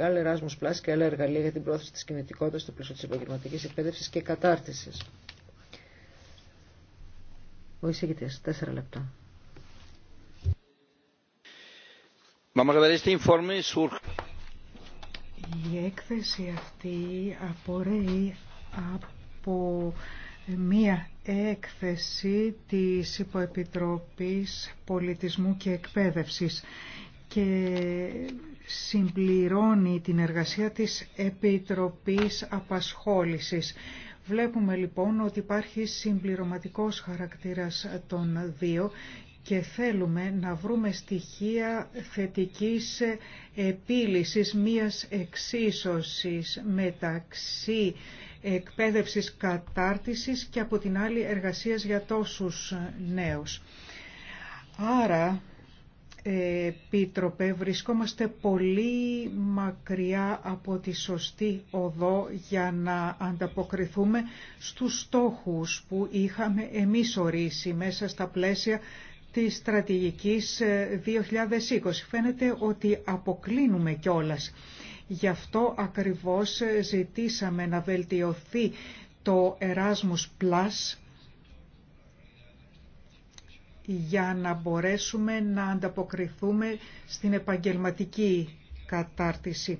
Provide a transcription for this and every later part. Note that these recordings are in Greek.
Γκάλ Erasmus και άλλα εργαλεία για την πρόθεση της κινητικότητας στο πλαίσιο τη επαγγελματική εκπαίδευση και κατάρτιση. Ο εισηγητή, τέσσερα λεπτά. Η έκθεση αυτή απορρέει από μία έκθεση της Υποεπιτροπής Πολιτισμού και Εκπαίδευσης και συμπληρώνει την εργασία της Επιτροπής Απασχόλησης. Βλέπουμε λοιπόν ότι υπάρχει συμπληρωματικός χαρακτήρας των δύο και θέλουμε να βρούμε στοιχεία θετικής επίλυσης μίας εξίσωσης μεταξύ εκπαίδευσης κατάρτισης και από την άλλη εργασίας για τόσους νέους. Άρα Επίτροπε, βρισκόμαστε πολύ μακριά από τη σωστή οδό για να ανταποκριθούμε στους στόχους που είχαμε εμείς ορίσει μέσα στα πλαίσια της στρατηγικής 2020. Ε, Φαίνεται ότι αποκλίνουμε κιόλας. Γι' αυτό ακριβώς ε, ζητήσαμε να βελτιωθεί το Erasmus Plus για να μπορέσουμε να ανταποκριθούμε στην επαγγελματική κατάρτιση.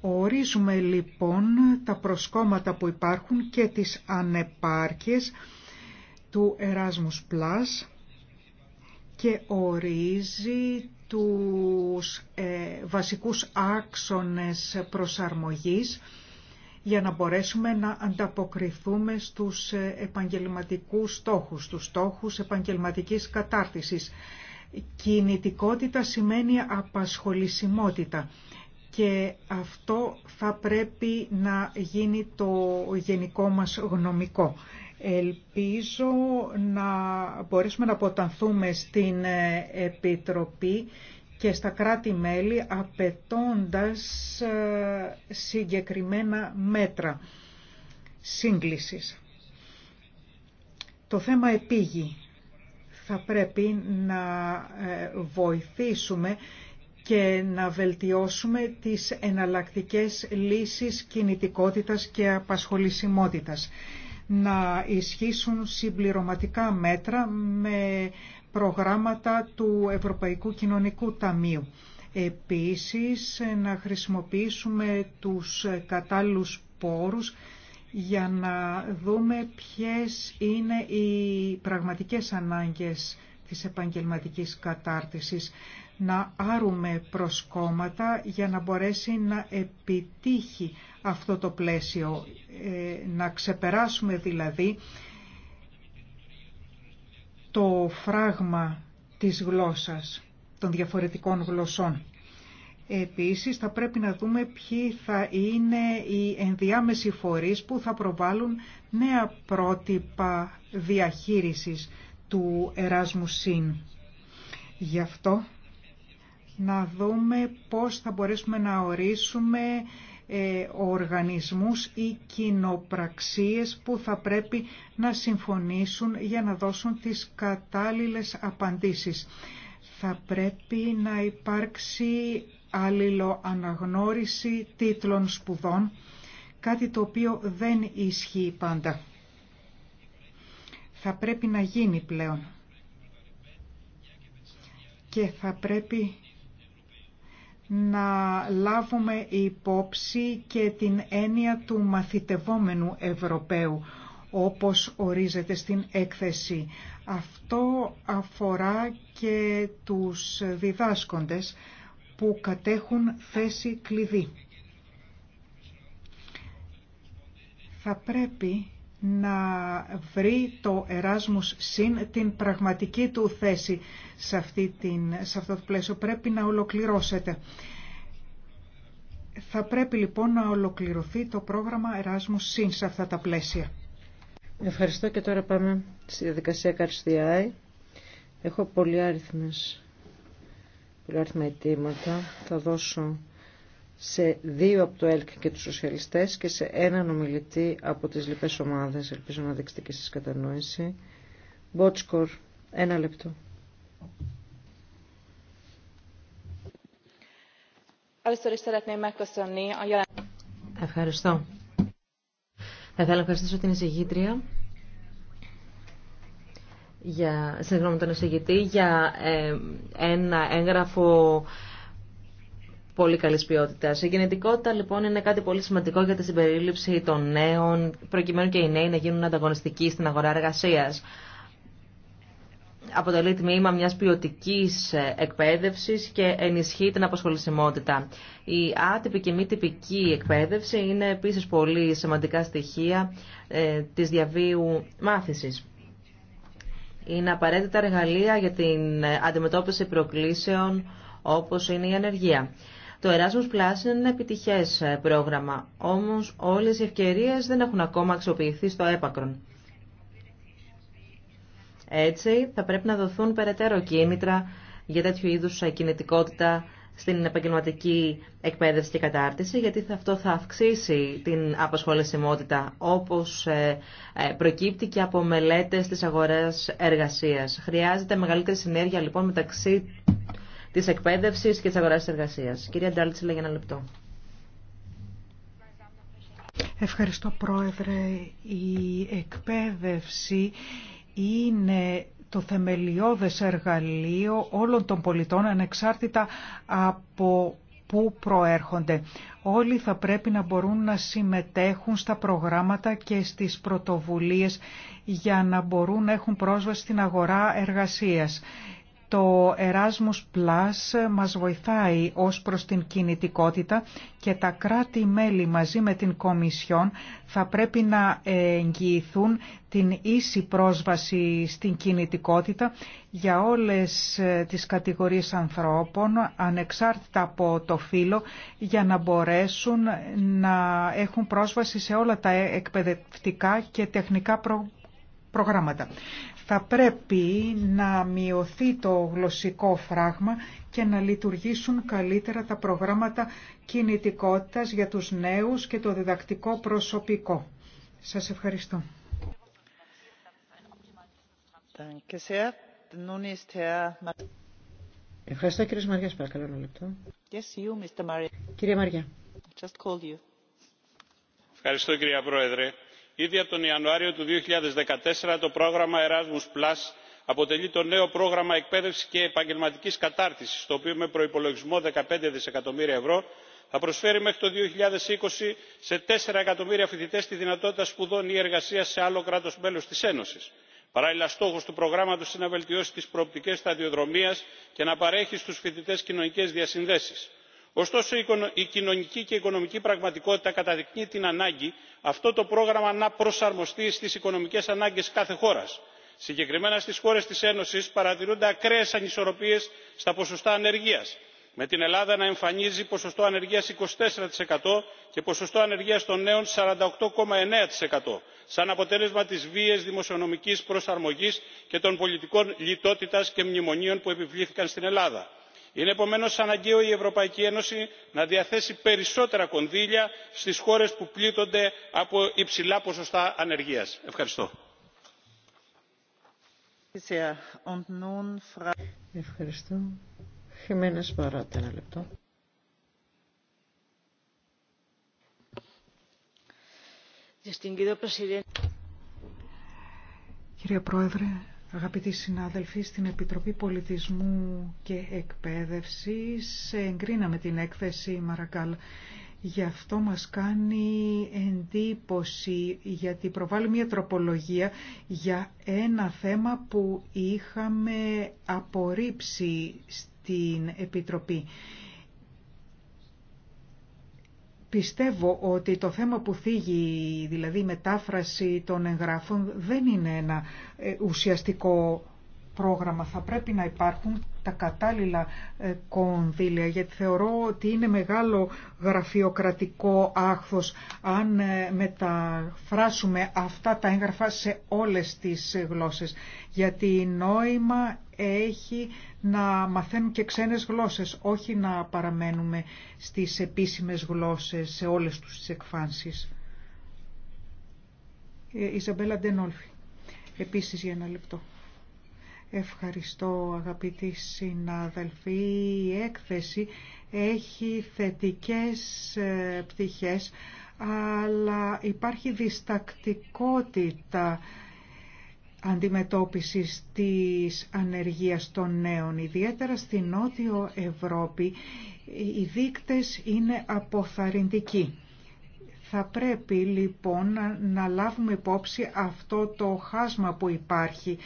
Ορίζουμε λοιπόν τα προσκόμματα που υπάρχουν και τις ανεπάρκειες του Erasmus Plus και ορίζει τους ε, βασικούς άξονες προσαρμογής για να μπορέσουμε να ανταποκριθούμε στους ε, επαγγελματικούς στόχους, στους στόχους επαγγελματικής κατάρτισης. Κινητικότητα σημαίνει απασχολησιμότητα και αυτό θα πρέπει να γίνει το γενικό μας γνωμικό. Ελπίζω να μπορέσουμε να αποτανθούμε στην ε, Επιτροπή και στα κράτη-μέλη απαιτώντας ε, συγκεκριμένα μέτρα σύγκλησης. Το θέμα επίγει. Θα πρέπει να ε, βοηθήσουμε και να βελτιώσουμε τις εναλλακτικές λύσεις κινητικότητας και απασχολησιμότητας. Να ισχύσουν συμπληρωματικά μέτρα με προγράμματα του Ευρωπαϊκού Κοινωνικού Ταμείου. Επίσης, να χρησιμοποιήσουμε τους κατάλληλους πόρους για να δούμε ποιες είναι οι πραγματικές ανάγκες της επαγγελματικής κατάρτισης. Να άρουμε προσκόμματα για να μπορέσει να επιτύχει αυτό το πλαίσιο. Ε, να ξεπεράσουμε δηλαδή το φράγμα της γλώσσας, των διαφορετικών γλωσσών. Επίσης θα πρέπει να δούμε ποιοι θα είναι οι ενδιάμεσοι φορείς που θα προβάλλουν νέα πρότυπα διαχείρισης του Εράσμου ΣΥΝ. Γι' αυτό να δούμε πώς θα μπορέσουμε να ορίσουμε ε, οργανισμούς ή κοινοπραξίες που θα πρέπει να συμφωνήσουν για να δώσουν τις κατάλληλες απαντήσεις. Θα πρέπει να υπάρξει αλληλοαναγνώριση τίτλων σπουδών, κάτι το οποίο δεν ισχύει πάντα. Θα πρέπει να γίνει πλέον. Και θα πρέπει να λάβουμε υπόψη και την έννοια του μαθητευόμενου Ευρωπαίου, όπως ορίζεται στην έκθεση. Αυτό αφορά και τους διδάσκοντες που κατέχουν θέση κλειδί. Θα πρέπει να βρει το Εράσμους ΣΥΝ την πραγματική του θέση σε, αυτή την, σε αυτό το πλαίσιο. Πρέπει να ολοκληρώσετε. Θα πρέπει λοιπόν να ολοκληρωθεί το πρόγραμμα Εράσμους ΣΥΝ σε αυτά τα πλαίσια. Ευχαριστώ και τώρα πάμε στη διαδικασία Καρστιάη. Έχω πολλοί αριθμές, πολλοί αριθμοί αιτήματα. Θα δώσω σε δύο από το ΕΛΚ και τους σοσιαλιστές και σε έναν ομιλητή από τις λοιπές ομάδες. Ελπίζω να δείξετε και εσείς κατανόηση. Μπότσκορ, ένα λεπτό. Ευχαριστώ. Θα ήθελα να ευχαριστήσω την εισηγήτρια για, συγγνώμη τον εισηγητή για ε, ένα έγγραφο πολύ καλή ποιότητα. Η γενετικότητα λοιπόν είναι κάτι πολύ σημαντικό για τη συμπερίληψη των νέων, προκειμένου και οι νέοι να γίνουν ανταγωνιστικοί στην αγορά εργασία. Αποτελεί τμήμα μια ποιοτική εκπαίδευση και ενισχύει την αποσχολησιμότητα. Η άτυπη και μη τυπική εκπαίδευση είναι επίση πολύ σημαντικά στοιχεία ε, τη διαβίου μάθηση. είναι απαραίτητα εργαλεία για την ε, αντιμετώπιση προκλήσεων όπως είναι η ανεργία. Το Erasmus Plus είναι ένα επιτυχές ε, πρόγραμμα, όμως όλες οι ευκαιρίες δεν έχουν ακόμα αξιοποιηθεί στο έπακρον. Έτσι, θα πρέπει να δοθούν περαιτέρω κίνητρα για τέτοιου είδους ε, κινητικότητα στην επαγγελματική εκπαίδευση και κατάρτιση, γιατί αυτό θα αυξήσει την απασχολησιμότητα, όπως ε, προκύπτει και από μελέτες της αγοράς εργασίας. Χρειάζεται μεγαλύτερη συνέργεια, λοιπόν, μεταξύ της εκπαίδευσης και της αγοράς εργασίας. Κυρία Ντάλτσιλα, για ένα λεπτό. Ευχαριστώ Πρόεδρε. Η εκπαίδευση είναι το θεμελιώδες εργαλείο όλων των πολιτών ανεξάρτητα από που προέρχονται. Όλοι θα πρέπει να μπορούν να συμμετέχουν στα προγράμματα και στις πρωτοβουλίες για να μπορούν να έχουν πρόσβαση στην αγορά εργασίας. Το Erasmus Plus μας βοηθάει ως προς την κινητικότητα και τα κράτη-μέλη μαζί με την Κομισιόν θα πρέπει να εγγυηθούν την ίση πρόσβαση στην κινητικότητα για όλες ε, τις κατηγορίες ανθρώπων, ανεξάρτητα από το φύλλο, για να μπορέσουν να έχουν πρόσβαση σε όλα τα εκπαιδευτικά και τεχνικά προγράμματα θα πρέπει να μειωθεί το γλωσσικό φράγμα και να λειτουργήσουν καλύτερα τα προγράμματα κινητικότητας για τους νέους και το διδακτικό προσωπικό. Σας ευχαριστώ. Ευχαριστώ κύριε Μαριά, παρακαλώ ένα λεπτό. Yes, you, Mr. Κύριε Μαριά. Just you. Ευχαριστώ κυρία Πρόεδρε ήδη από τον ιανουάριο του 2014 το πρόγραμμα erasmus αποτελεί το νέο πρόγραμμα εκπαίδευσης και επαγγελματικής κατάρτισης το οποίο με προϋπολογισμό δεκαπέντε δισεκατομμύρια ευρώ θα προσφέρει μέχρι το 2020 σε τέσσερα εκατομμύρια φοιτητές τη δυνατότητα σπουδών ή εργασίας σε άλλο κράτος μέλος της ένωσης. παράλληλα στόχος του προγράμματος είναι να βελτιώσει τις προοπτικές σταδιοδρομίας και να παρέχει στους φοιτητές κοινωνικές διασυνδέσεις ωστόσο η κοινωνική και οικονομική πραγματικότητα καταδεικνύει την ανάγκη αυτό το πρόγραμμα να προσαρμοστεί στι οικονομικέ ανάγκε κάθε χώρα. συγκεκριμένα στι χώρε τη Ένωση παρατηρούνται ακραίε ανισορροπίε στα ποσοστά ανεργία με την ελλάδα να εμφανίζει ποσοστό ανεργίας 24% και ποσοστό ανεργία των νέων 48,9% σαν αποτέλεσμα τη βίαιης δημοσιονομική προσαρμογή και των πολιτικών λιτότητα και μνημονίων που επιβλήθηκαν στην ελλάδα είναι επομένως αναγκαίο η ευρωπαϊκή ένωση να διαθέσει περισσότερα κονδύλια στις χώρες που πλήττονται από υψηλά ποσοστά ανεργίας. ευχαριστώ. Κύριε Πρόεδρε, Αγαπητοί συνάδελφοι, στην Επιτροπή Πολιτισμού και Εκπαίδευσης εγκρίναμε την έκθεση Μαρακάλ. Γι' αυτό μας κάνει εντύπωση γιατί προβάλλει μια τροπολογία για ένα θέμα που είχαμε απορρίψει στην Επιτροπή. Πιστεύω ότι το θέμα που θίγει, δηλαδή η μετάφραση των εγγράφων, δεν είναι ένα ε, ουσιαστικό πρόγραμμα. Θα πρέπει να υπάρχουν τα κατάλληλα ε, κονδύλια, γιατί θεωρώ ότι είναι μεγάλο γραφειοκρατικό άχθος αν ε, μεταφράσουμε αυτά τα έγγραφα σε όλες τις γλώσσες. Γιατί νόημα έχει να μαθαίνουν και ξένες γλώσσες, όχι να παραμένουμε στις επίσημες γλώσσες σε όλες τους τις εκφάνσεις. Ε, Ιζαμπέλα Ντενόλφη, επίσης για ένα λεπτό. Ευχαριστώ αγαπητοί συνάδελφοι. Η έκθεση έχει θετικές ε, πτυχές, αλλά υπάρχει διστακτικότητα αντιμετώπισης της ανεργίας των νέων. Ιδιαίτερα στη Νότιο Ευρώπη οι δείκτες είναι αποθαρρυντικοί. Θα πρέπει λοιπόν να λάβουμε υπόψη αυτό το χάσμα που υπάρχει,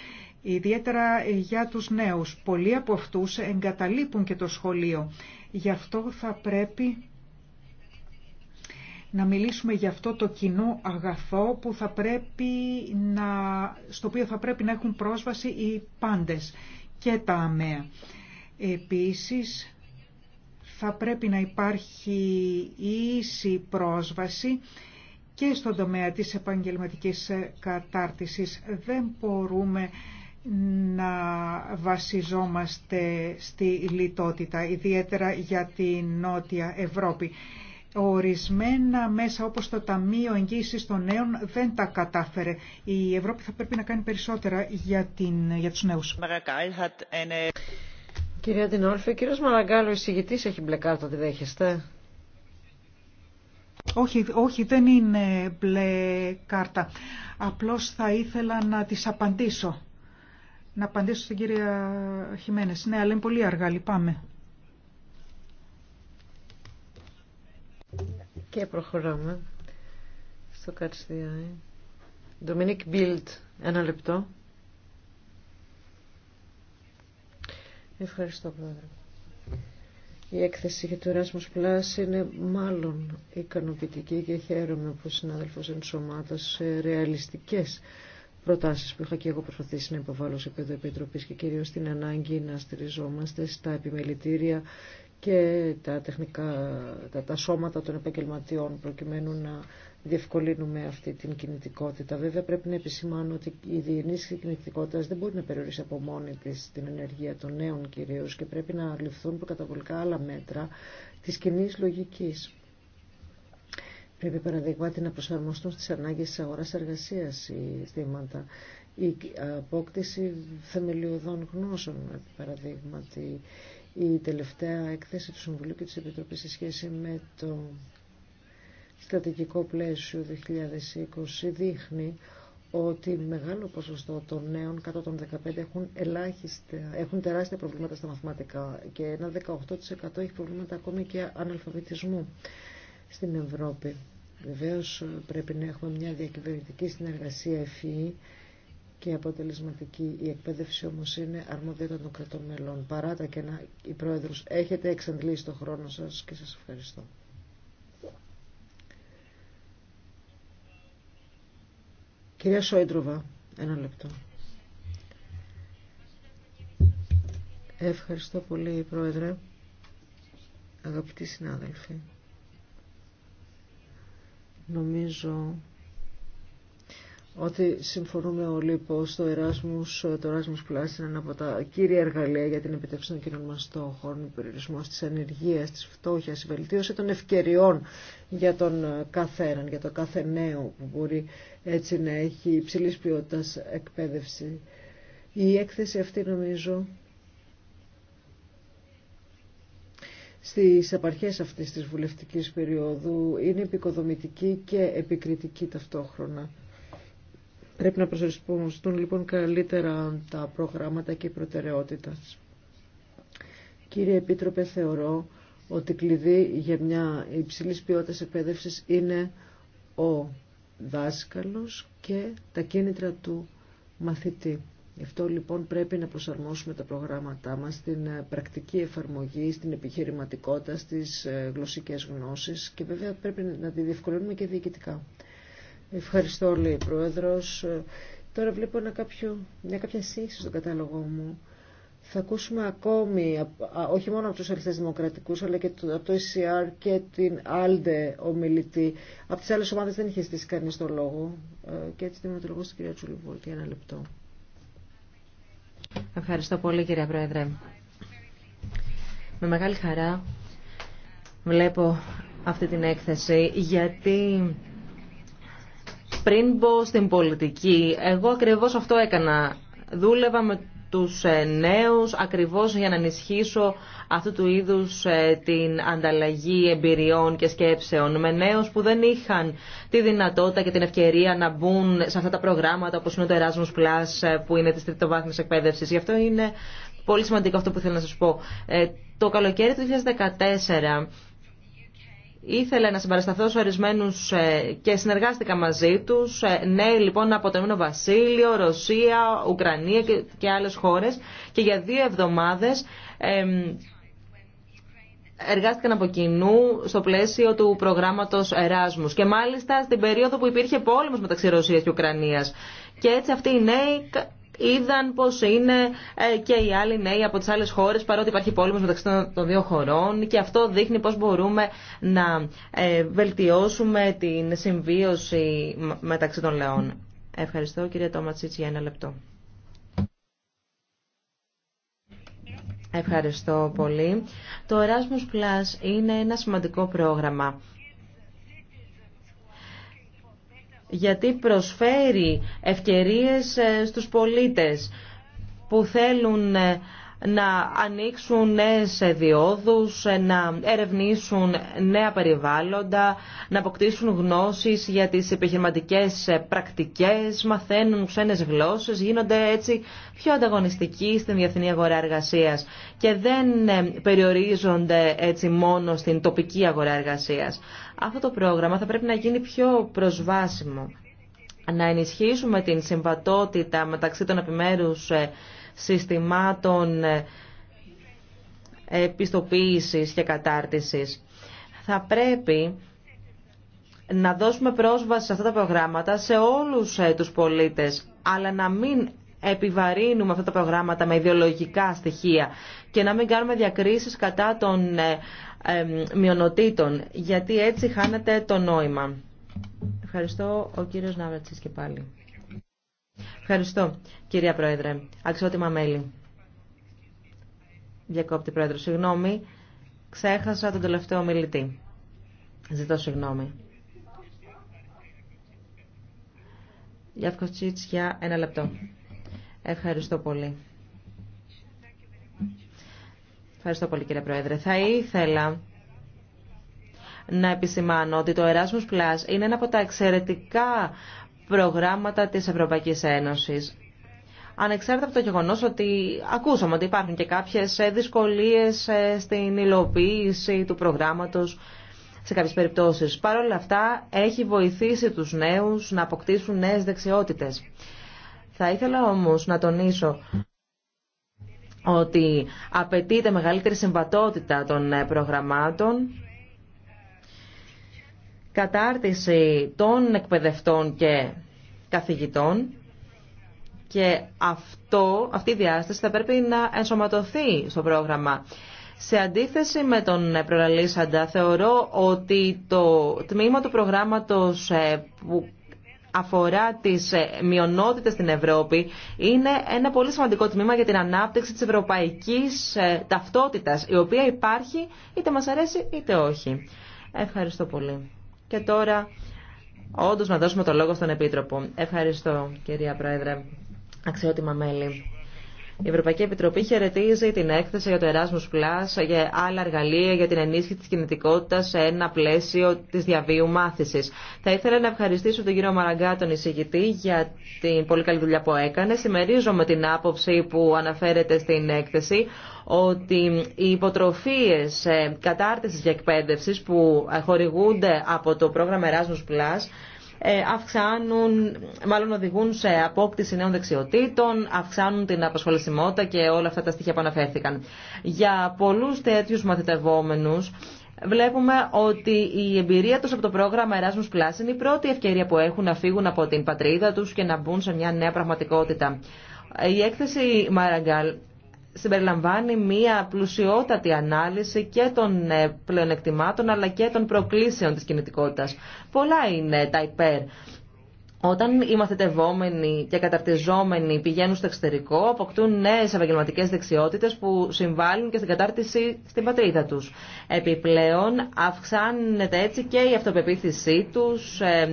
ιδιαίτερα για τους νέους. Πολλοί από αυτούς εγκαταλείπουν και το σχολείο. Γι' αυτό θα πρέπει να μιλήσουμε για αυτό το κοινό αγαθό που θα πρέπει να, στο οποίο θα πρέπει να έχουν πρόσβαση οι πάντες και τα αμαία. Επίσης, θα πρέπει να υπάρχει ίση πρόσβαση και στον τομέα της επαγγελματικής κατάρτισης. Δεν μπορούμε να βασιζόμαστε στη λιτότητα, ιδιαίτερα για τη Νότια Ευρώπη. Ορισμένα μέσα όπως το Ταμείο Εγγύησης των Νέων δεν τα κατάφερε. Η Ευρώπη θα πρέπει να κάνει περισσότερα για, την, για τους νέους. Κυρία Τινόλφη, ο κύριος ο εισηγητής έχει μπλε κάρτα, τη δέχεστε. Όχι, όχι, δεν είναι μπλε κάρτα. Απλώς θα ήθελα να της απαντήσω. Να απαντήσω στην κυρία Χιμένες. Ναι, αλλά είναι πολύ αργά, λυπάμαι. Και προχωράμε στο Καρσιάι. Ντομινίκ Μπίλτ, ένα λεπτό. Ευχαριστώ, Πρόεδρε. Η έκθεση για το Erasmus Plus είναι μάλλον ικανοποιητική και χαίρομαι που ο συνάδελφος σε ρεαλιστικές προτάσεις που είχα και εγώ προσπαθήσει να υποβάλω σε επίπεδο επιτροπής και κυρίως την ανάγκη να στηριζόμαστε στα επιμελητήρια και τα τεχνικά, τα, τα σώματα των επαγγελματιών προκειμένου να διευκολύνουμε αυτή την κινητικότητα. Βέβαια πρέπει να επισημάνω ότι η διενίσχυση κινητικότητα δεν μπορεί να περιορίσει από μόνη τη την ενεργεία των νέων κυρίω και πρέπει να ληφθούν προκαταβολικά άλλα μέτρα τη κοινή λογική. Πρέπει παραδείγματι να προσαρμοστούν στι ανάγκε τη αγορά εργασία ή θύματα. οι θυματα Η απόκτηση θεμελιωδών γνώσεων, παραδείγματι, η τελευταία έκθεση του Συμβουλίου και της Επιτροπής σε σχέση με το στρατηγικό πλαίσιο 2020 δείχνει ότι μεγάλο ποσοστό των νέων κάτω των 15 έχουν, ελάχιστα, έχουν τεράστια προβλήματα στα μαθηματικά και ένα 18% έχει προβλήματα ακόμη και αναλφαβητισμού στην Ευρώπη. Βεβαίως πρέπει να έχουμε μια διακυβερνητική συνεργασία ευφυή και αποτελεσματική. Η εκπαίδευση όμω είναι αρμοδιότητα των κρατών μελών. Παρά τα κενά, η Πρόεδρος, έχετε εξαντλήσει το χρόνο σας και σας ευχαριστώ. Κυρία Σόιντροβα, ένα λεπτό. Ευχαριστώ πολύ, Πρόεδρε. Αγαπητοί συνάδελφοι, νομίζω ότι συμφωνούμε όλοι πως το Erasmus, το Erasmus Plus είναι ένα από τα κύρια εργαλεία για την επιτεύξη των κοινών μας στόχων, ο περιορισμό της ανεργίας, της φτώχειας, η βελτίωση των ευκαιριών για τον καθέναν, για το κάθε νέο που μπορεί έτσι να έχει υψηλή ποιότητα εκπαίδευση. Η έκθεση αυτή νομίζω στις επαρχές αυτής της βουλευτικής περίοδου είναι επικοδομητική και επικριτική ταυτόχρονα Πρέπει να προσαρμοστούν λοιπόν καλύτερα τα προγράμματα και οι προτεραιότητα. Κύριε Επίτροπε, θεωρώ ότι κλειδί για μια υψηλής ποιότητας εκπαίδευσης είναι ο δάσκαλος και τα κίνητρα του μαθητή. Γι' αυτό λοιπόν πρέπει να προσαρμόσουμε τα προγράμματά μας στην ε, πρακτική εφαρμογή, στην επιχειρηματικότητα, στις ε, γλωσσικές γνώσεις και βέβαια πρέπει να τη διευκολύνουμε και διοικητικά. Ευχαριστώ, όλοι, η Πρόεδρος. Τώρα βλέπω ένα κάποιο, μια κάποια σύγχυση στον κατάλογό μου. Θα ακούσουμε ακόμη, όχι μόνο από τους αριστερές δημοκρατικούς, αλλά και από το ECR και την ALDE ομιλητή. Από τις άλλες ομάδες δεν είχε στήσει κανείς το λόγο. Ε, και έτσι δίνω το λόγο στην κυρία Τσουλιβού για ένα λεπτό. Ευχαριστώ πολύ κυρία Πρόεδρε. Με μεγάλη χαρά βλέπω αυτή την έκθεση γιατί πριν μπω στην πολιτική, εγώ ακριβώς αυτό έκανα. Δούλευα με τους ε, νέους ακριβώς για να ενισχύσω αυτού του είδους ε, την ανταλλαγή εμπειριών και σκέψεων με νέους που δεν είχαν τη δυνατότητα και την ευκαιρία να μπουν σε αυτά τα προγράμματα όπως είναι το Erasmus Plus ε, που είναι της τριτοβάθμιας εκπαίδευση. Γι' αυτό είναι πολύ σημαντικό αυτό που θέλω να σας πω. Το καλοκαίρι του 2014 Ήθελε να συμπαρασταθώ σε ορισμένου ε, και συνεργάστηκα μαζί του. Ε, νέοι λοιπόν, από το Ηνωμένο Βασίλειο, Ρωσία, Ουκρανία και άλλε χώρε. Και για δύο εβδομάδε εργάστηκαν από κοινού στο πλαίσιο του προγράμματο Εράσμου. Και μάλιστα στην περίοδο που υπήρχε πόλεμο μεταξύ Ρωσία και Ουκρανία. Και έτσι αυτοί οι νέοι είδαν πώ είναι ε, και οι άλλοι νέοι από τι άλλε χώρε, παρότι υπάρχει πόλεμο μεταξύ των δύο χωρών και αυτό δείχνει πώ μπορούμε να ε, βελτιώσουμε την συμβίωση μεταξύ των λαών. Ευχαριστώ κύριε Τοματσίτση για ένα λεπτό. Ευχαριστώ πολύ. Το Erasmus Plus είναι ένα σημαντικό πρόγραμμα γιατί προσφέρει ευκαιρίες ε, στους πολίτες που θέλουν ε, να ανοίξουν νέες διόδους, να ερευνήσουν νέα περιβάλλοντα, να αποκτήσουν γνώσεις για τις επιχειρηματικές πρακτικές, μαθαίνουν ξένες γλώσσες, γίνονται έτσι πιο ανταγωνιστικοί στην διεθνή αγορά εργασίας και δεν ε, περιορίζονται έτσι μόνο στην τοπική αγορά εργασίας. Αυτό το πρόγραμμα θα πρέπει να γίνει πιο προσβάσιμο. Να ενισχύσουμε την συμβατότητα μεταξύ των επιμέρους ε, συστημάτων ε, επιστοποίησης και κατάρτισης. Θα πρέπει να δώσουμε πρόσβαση σε αυτά τα προγράμματα σε όλους ε, τους πολίτες, αλλά να μην επιβαρύνουμε αυτά τα προγράμματα με ιδεολογικά στοιχεία και να μην κάνουμε διακρίσεις κατά των ε, μειονοτήτων, γιατί έτσι χάνεται το νόημα. Ευχαριστώ ο κύριος Ναυρατσής και πάλι. Ευχαριστώ, κυρία Πρόεδρε. Αξιότιμα μέλη. Διακόπτη Πρόεδρο, συγγνώμη. Ξέχασα τον τελευταίο μιλητή. Ζητώ συγγνώμη. Γιάνκοφτσιτς για ένα λεπτό. Ευχαριστώ πολύ. Ευχαριστώ πολύ κύριε Πρόεδρε. Θα ήθελα να επισημάνω ότι το Erasmus Plus είναι ένα από τα εξαιρετικά προγράμματα της Ευρωπαϊκής Ένωσης. Ανεξάρτητα από το γεγονός ότι ακούσαμε ότι υπάρχουν και κάποιες ε, δυσκολίες ε, στην υλοποίηση του προγράμματος σε κάποιες περιπτώσεις. Παρ' όλα αυτά έχει βοηθήσει τους νέους να αποκτήσουν νέες δεξιότητες. Θα ήθελα όμως να τονίσω ότι απαιτείται μεγαλύτερη συμβατότητα των ε, προγραμμάτων κατάρτιση των εκπαιδευτών και καθηγητών και αυτό, αυτή η διάσταση θα πρέπει να ενσωματωθεί στο πρόγραμμα. Σε αντίθεση με τον προλαλήσαντα, θεωρώ ότι το τμήμα του προγράμματος ε, που αφορά τις ε, μειονότητες στην Ευρώπη είναι ένα πολύ σημαντικό τμήμα για την ανάπτυξη της ευρωπαϊκής ε, ταυτότητας, η οποία υπάρχει είτε μας αρέσει είτε όχι. Ευχαριστώ πολύ. Και τώρα όντως να δώσουμε το λόγο στον Επίτροπο. Ευχαριστώ κυρία Πρόεδρε, αξιότιμα μέλη. Η Ευρωπαϊκή Επιτροπή χαιρετίζει την έκθεση για το Erasmus για άλλα εργαλεία για την ενίσχυση τη κινητικότητα σε ένα πλαίσιο τη διαβίου μάθηση. Θα ήθελα να ευχαριστήσω τον κύριο Μαραγκά, τον εισηγητή, για την πολύ καλή δουλειά που έκανε. με την άποψη που αναφέρεται στην έκθεση ότι οι υποτροφίες ε, κατάρτισης και εκπαίδευσης που χορηγούνται από το πρόγραμμα Erasmus ε, αυξάνουν, μάλλον οδηγούν σε απόκτηση νέων δεξιοτήτων, αυξάνουν την απασχολησιμότητα και όλα αυτά τα στοιχεία που αναφέρθηκαν. Για πολλούς τέτοιους μαθητευόμενους, Βλέπουμε ότι η εμπειρία τους από το πρόγραμμα Erasmus Plus είναι η πρώτη ευκαιρία που έχουν να φύγουν από την πατρίδα τους και να μπουν σε μια νέα πραγματικότητα. Η έκθεση Μαραγκάλ συμπεριλαμβάνει μία πλουσιότατη ανάλυση και των ε, πλεονεκτημάτων αλλά και των προκλήσεων της κινητικότητας. Πολλά είναι τα υπέρ. Όταν οι μαθητευόμενοι και καταρτιζόμενοι πηγαίνουν στο εξωτερικό, αποκτούν νέε επαγγελματικέ δεξιότητε που συμβάλλουν και στην κατάρτιση στην πατρίδα του. Επιπλέον, αυξάνεται έτσι και η αυτοπεποίθησή του, ε,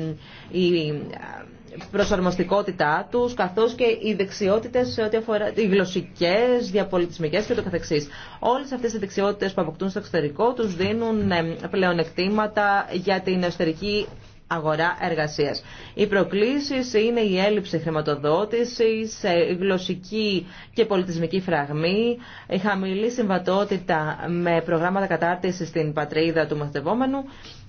προσαρμοστικότητά τους, καθώς και οι δεξιότητες σε ό,τι αφορά οι γλωσσικές, διαπολιτισμικές και το καθεξής. Όλες αυτές οι δεξιότητες που αποκτούν στο εξωτερικό τους δίνουν πλεονεκτήματα για την εσωτερική αγορά εργασία. Οι προκλήσει είναι η έλλειψη χρηματοδότηση ε, γλωσσική και πολιτισμική φραγμή, η χαμηλή συμβατότητα με προγράμματα κατάρτισης στην πατρίδα του μαθητευόμενου,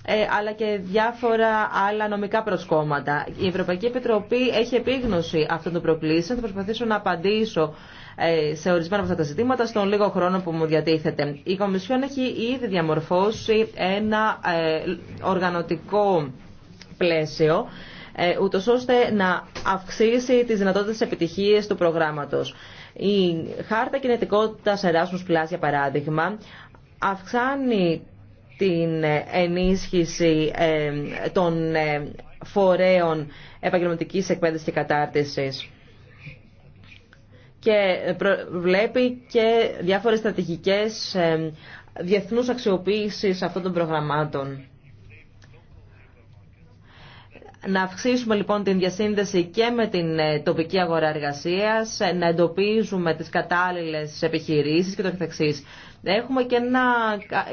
ε, αλλά και διάφορα άλλα νομικά προσκόμματα. Η Ευρωπαϊκή Επιτροπή έχει επίγνωση αυτών των προκλήσεων. Θα προσπαθήσω να απαντήσω ε, σε ορισμένα από αυτά τα ζητήματα στον λίγο χρόνο που μου διατίθεται. Η Κομισιόν έχει ήδη διαμορφώσει ένα οργανωτικό πλαίσιο, ε, ούτω ώστε να αυξήσει τι δυνατότητε επιτυχίε του προγράμματο. Η χάρτα κινητικότητα Erasmus Plus, για παράδειγμα, αυξάνει την ε, ενίσχυση ε, των φορέων επαγγελματικής εκπαίδευσης και κατάρτισης και βλέπει και διάφορες στρατηγικές διεθνούς αξιοποίησης αυτών των προγραμμάτων. Να αυξήσουμε λοιπόν την διασύνδεση και με την ε, τοπική αγορά εργασία, ε, να εντοπίζουμε τις κατάλληλε επιχειρήσεις και το καθεξής. Έχουμε και ένα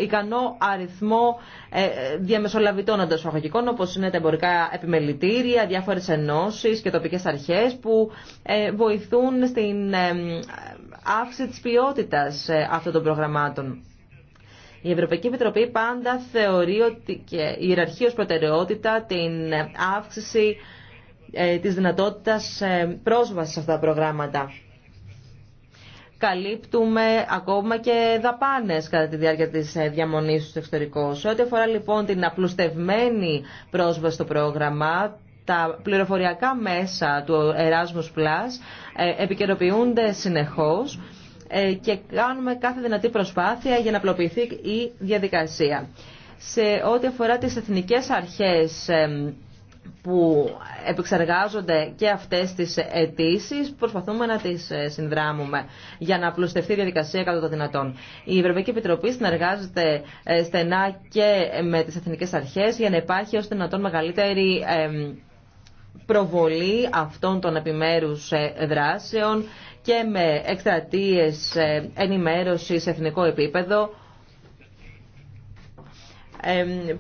ικανό αριθμό ε, διαμεσολαβητών εντό όπω είναι τα εμπορικά επιμελητήρια, διάφορε ενώσει και τοπικέ αρχέ που βοηθούν στην αύξηση τη ποιότητα αυτών των προγραμμάτων. Η Ευρωπαϊκή Επιτροπή πάντα θεωρεί ότι και ιεραρχεί ως προτεραιότητα την αύξηση ε, της δυνατότητας ε, πρόσβασης σε αυτά τα προγράμματα. Καλύπτουμε ακόμα και δαπάνες κατά τη διάρκεια της ε, διαμονής του εξωτερικού. Σε ό,τι αφορά λοιπόν την απλουστευμένη πρόσβαση στο πρόγραμμα, τα πληροφοριακά μέσα του Erasmus Plus επικαιροποιούνται συνεχώς ε, και κάνουμε κάθε δυνατή προσπάθεια για να απλοποιηθεί η διαδικασία. Σε ό,τι αφορά τις εθνικές αρχές που επεξεργάζονται και αυτές τις αιτήσει, προσπαθούμε να τις ε, συνδράμουμε για να απλουστευτεί η διαδικασία κατά το δυνατόν. Η Ευρωπαϊκή Επιτροπή συνεργάζεται ε, στενά και με τις εθνικές αρχές για να υπάρχει ως δυνατόν μεγαλύτερη προβολή αυτών των επιμέρους δράσεων και με εκστρατείες ε, ενημέρωσης σε εθνικό επίπεδο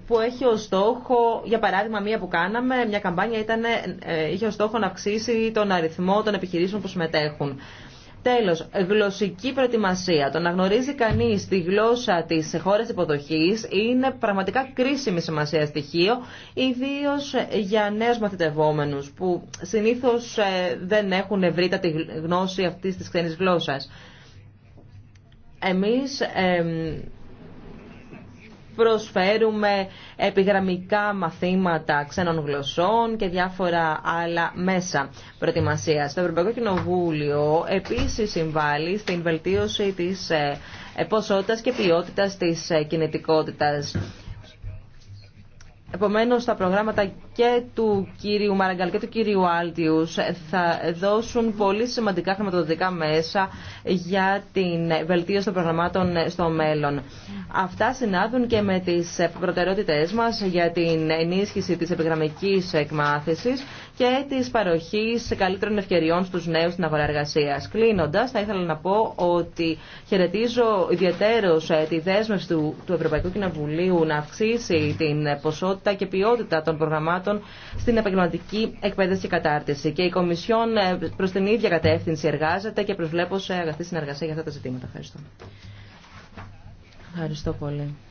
που έχει ως στόχο, για παράδειγμα μία που κάναμε, μια καμπάνια ήταν, ε, είχε ως στόχο να αυξήσει τον αριθμό των επιχειρήσεων που συμμετέχουν. Τέλος, γλωσσική προετοιμασία. Το να γνωρίζει κανείς τη γλώσσα της χώρα υποδοχής είναι πραγματικά κρίσιμη σημασία στοιχείο, ιδίως για νέου μαθητευόμενους που συνήθως ε, δεν έχουν τη γνώση αυτής της ξένης γλώσσας. Εμείς προσφέρουμε επιγραμμικά μαθήματα ξένων γλωσσών και διάφορα άλλα μέσα προετοιμασία. Το Ευρωπαϊκό Κοινοβούλιο επίση συμβάλλει στην βελτίωση τη ε, ε, ποσότητα και ποιότητα τη ε, κινητικότητα. Επομένω, τα προγράμματα και του κύριου Μαραγκαλ και του κύριου Αλτιου, θα δώσουν πολύ σημαντικά χρηματοδοτικά μέσα για την βελτίωση των προγραμμάτων στο μέλλον. Αυτά συνάδουν και με τις προτεραιότητές μας για την ενίσχυση της επιγραμμική εκμάθησης και τη παροχή καλύτερων ευκαιριών στου νέου στην αγορά εργασία. Κλείνοντα, θα ήθελα να πω ότι χαιρετίζω ιδιαίτερω ε, τη δέσμευση του, του Ευρωπαϊκού Κοινοβουλίου να αυξήσει την ποσότητα και ποιότητα των προγραμμάτων στην επαγγελματική εκπαίδευση και κατάρτιση. Και η Κομισιόν ε, προ την ίδια κατεύθυνση εργάζεται και προσβλέπω σε αγαθή συνεργασία για αυτά τα ζητήματα. Ευχαριστώ. πολύ.